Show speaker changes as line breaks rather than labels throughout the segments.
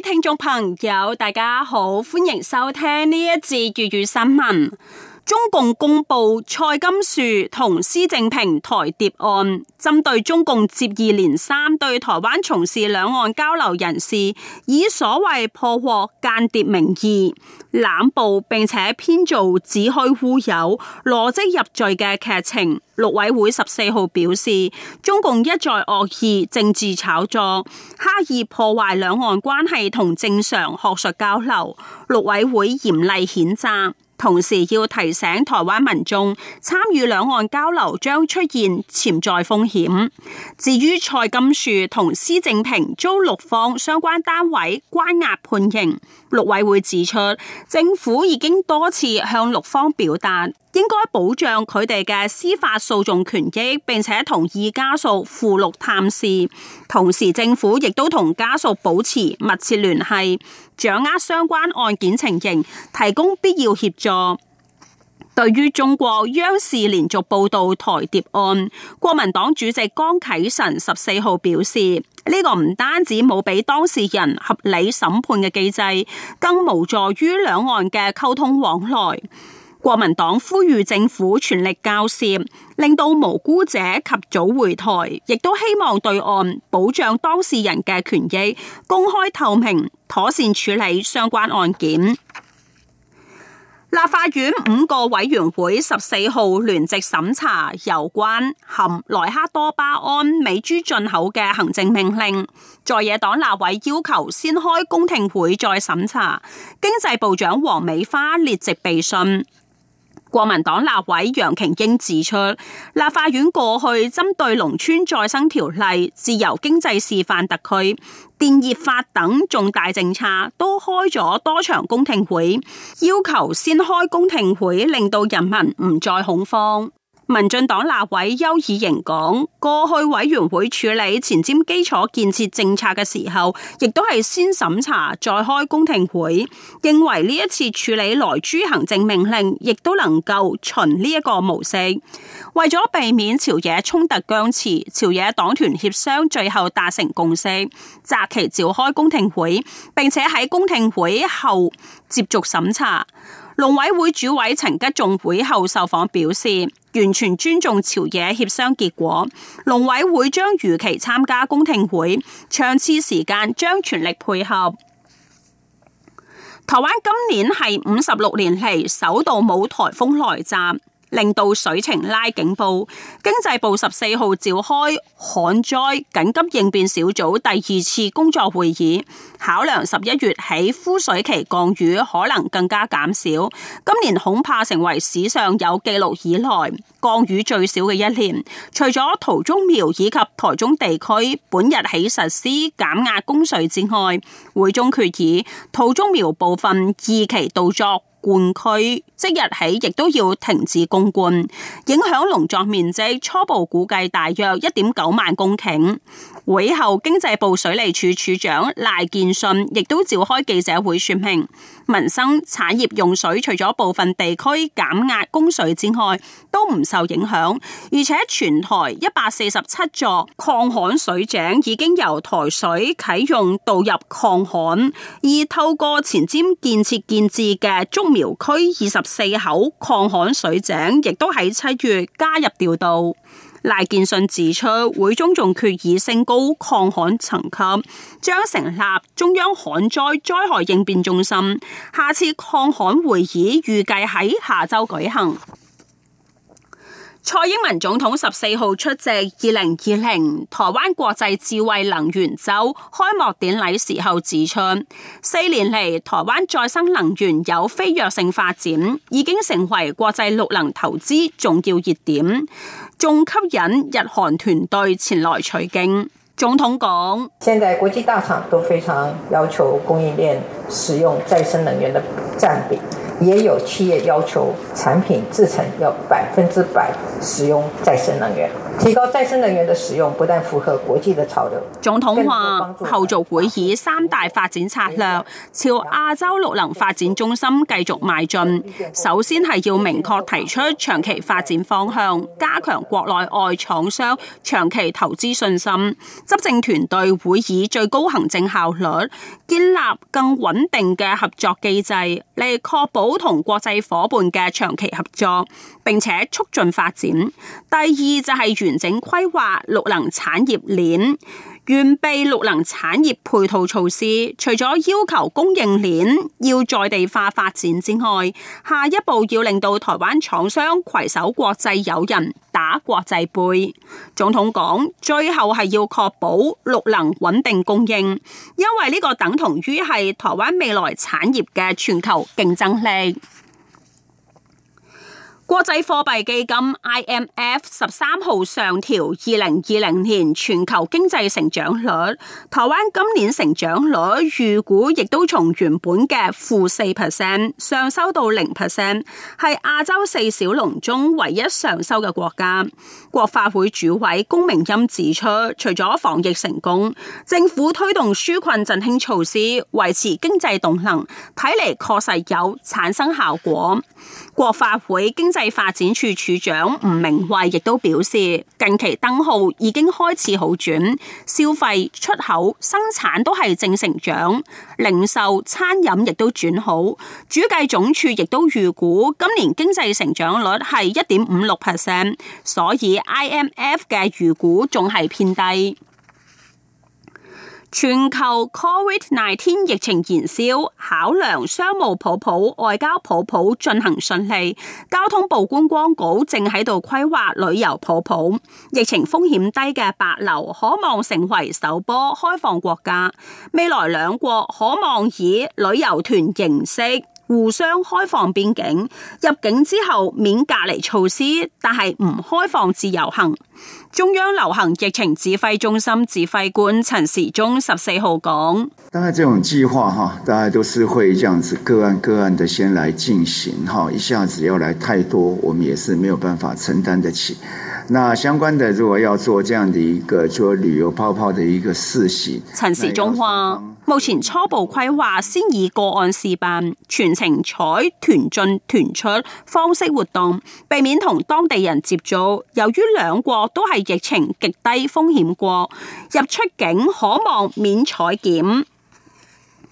聽眾朋友，大家好，歡迎收聽呢一節粵語新聞。中共公布蔡金樹同施正平台諜案，針對中共接二連三對台灣從事兩岸交流人士以所謂破獲間諜名義濫捕，並且編造子虛烏有、羅織入罪嘅劇情。陸委會十四號表示，中共一再惡意政治炒作，刻意破壞兩岸關係同正常學術交流，陸委會嚴厲譴責。同時要提醒台灣民眾，參與兩岸交流將出現潛在風險。至於蔡金樹同施正平遭陸方相關單位關押判刑，陸委會指出，政府已經多次向陸方表達。應該保障佢哋嘅司法訴訟權益，並且同意家屬附錄探視。同時，政府亦都同家屬保持密切聯繫，掌握相關案件情形，提供必要協助。對於中國央視連續報導台諜案，國民黨主席江啟臣十四號表示：呢、這個唔單止冇俾當事人合理審判嘅機制，更無助於兩岸嘅溝通往來。國民黨呼籲政府全力交涉，令到無辜者及早回台，亦都希望對岸保障當事人嘅權益，公開透明，妥善處理相關案件。立法院五個委員會十四號聯席審查有關含萊克多巴胺美豬進口嘅行政命令，在野黨立委要求先開公聽會再審查，經濟部長黃美花列席備詢。國民黨立委楊瓊英指出，立法院過去針對農村再生條例、自由經濟示範特區、電業法等重大政策，都開咗多場公聽會，要求先開公聽會，令到人民唔再恐慌。民進黨立委邱以盈講，過去委員會處理前瞻基礎建設政策嘅時候，亦都係先審查再開公聽會，認為呢一次處理萊豬行政命令，亦都能夠循呢一個模式。為咗避免朝野衝突僵持，朝野黨團協商最後達成共識，擇期召開公聽會，並且喺公聽會後接續審查。農委會主委陳吉仲會後受訪表示。完全尊重朝野協商結果，農委會將如期參加公聽會，場次時間將全力配合。台灣今年係五十六年嚟首度冇颱風來襲。令到水情拉警報，經濟部十四號召開旱災緊急應變小組第二次工作會議，考量，十一月起枯水期降雨可能更加減少，今年恐怕成為史上有記錄以來降雨最少嘅一年。除咗桃竹苗以及台中地區本日起實施減壓供水之外，會中決議桃竹苗部分二期稻作。灌區即日起亦都要停止供灌，影響農作面積初步估計大約一點九萬公頃。會後，經濟部水利處處長賴建信亦都召開記者會說明。民生、產業用水除咗部分地區減壓供水之外，都唔受影響。而且全台一百四十七座抗旱水井已經由台水啟用導入抗旱，而透過前瞻建設建置嘅竹苗區二十四口抗旱水井，亦都喺七月加入調度。賴建信指出，會中仲決議升高抗旱層級，將成立中央旱災災害應變中心。下次抗旱會議預計喺下周舉行。蔡英文總統十四號出席二零二零台灣國際智慧能源周開幕典禮時候指出，四年嚟台灣再生能源有飛躍性發展，已經成為國際綠能投資重要熱點。仲吸引日韓團隊前來取經。總統講，現在國際大廠都非常要求供應鏈使用再生能源的占比。也有企業要求產品製程要百分之百使用再生能源，提高再生能源的使用，不但符合國際嘅潮流。總統話：後續會議三大發展策略，朝亞洲綠能發展中心繼續邁進。嗯、首先係要明確提出長期發展方向，加強國內外廠商長期投資信心。執政團隊會以最高行政效率，建立更穩定嘅合作機制，嚟確保，好同國際夥伴嘅長期合作，並且促進發展。第二就係完整規劃綠能產業鏈。完備綠能產業配套措施，除咗要求供應鏈要在地化發展之外，下一步要令到台灣廠商攜手國際友人打國際背。總統講，最後係要確保綠能穩定供應，因為呢個等同於係台灣未來產業嘅全球競爭力。國際貨幣基金 IMF 十三號上調二零二零年全球經濟成長率，台灣今年成長率預估亦都從原本嘅負四 percent 上修到零 percent，係亞洲四小龍中唯一上修嘅國家。國發會主委龔明鑫指出，除咗防疫成功，政府推動紓困振興措施維持經濟動能，睇嚟確實有產生效果。國發會經濟發展處處長吳明慧亦都表示，近期燈號已經開始好轉，消費、出口、生產都係正成長，零售、餐飲亦都轉好。主計總處亦都預估今年經濟成長率係一點五六 percent，所以 IMF 嘅預估仲係偏低。全球 Covid nineteen 疫情延燒，考量商務泡泡、外交泡泡進行順利，交通部觀光局正喺度規劃旅遊泡泡。疫情風險低嘅帛琉可望成為首波開放國家，未來兩國可望以旅遊團形式互相開放邊境，入境之後免隔離措施，但係唔開放自由行。中央流行疫情指揮中心指揮官陳時中十四號講，大概這種計劃哈，大家都是會這樣子個案個案的先來進行哈，一下子要來太多，我們也是沒有辦法承擔得起。那相關的，如果要做這樣的，一個做旅遊泡泡的一個試行。陳時中話：目前初步規劃先以個案示辦，全程採團進團出方式活動，避免同當地人接觸。由於兩國都係疫情極低風險國，入出境可望免採檢。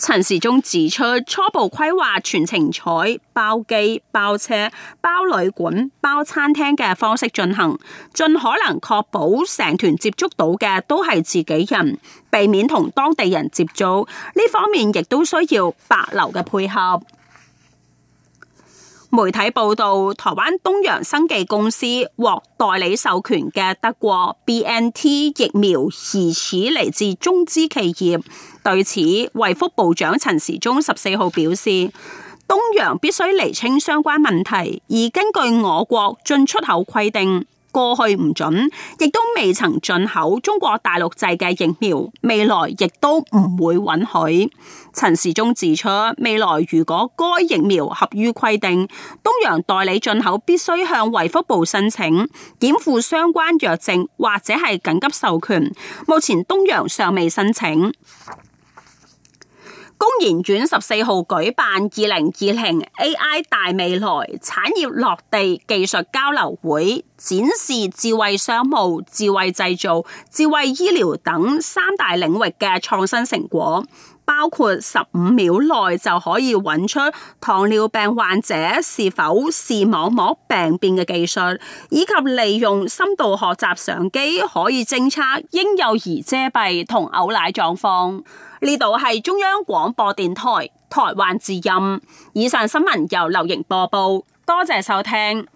陳時中指出，初步規劃全程採包機、包車、包旅館、包餐廳嘅方式進行，盡可能確保成團接觸到嘅都係自己人，避免同當地人接觸。呢方面亦都需要帛琉嘅配合。媒體報道，台灣東洋生技公司獲代理授權嘅德國 BNT 疫苗疑似嚟自中資企業。對此，衛福部長陳時中十四號表示，東洋必須釐清相關問題，而根據我國進出口規定。過去唔準，亦都未曾進口中國大陸製嘅疫苗，未來亦都唔會允許。陳時中指出，未來如果該疫苗合於規定，東洋代理進口必須向衛福部申請，檢附相關藥證或者係緊急授權。目前東洋尚未申請。延展十四號舉辦二零二零 AI 大未來產業落地技術交流會，展示智慧商務、智慧製造、智慧醫療等三大領域嘅創新成果，包括十五秒內就可以揾出糖尿病患者是否是視網膜病變嘅技術，以及利用深度學習相機可以偵測嬰幼兒遮蔽同嘔奶狀況。呢度係中央廣播電台台灣之音，以上新聞由劉瑩播報，多謝收聽。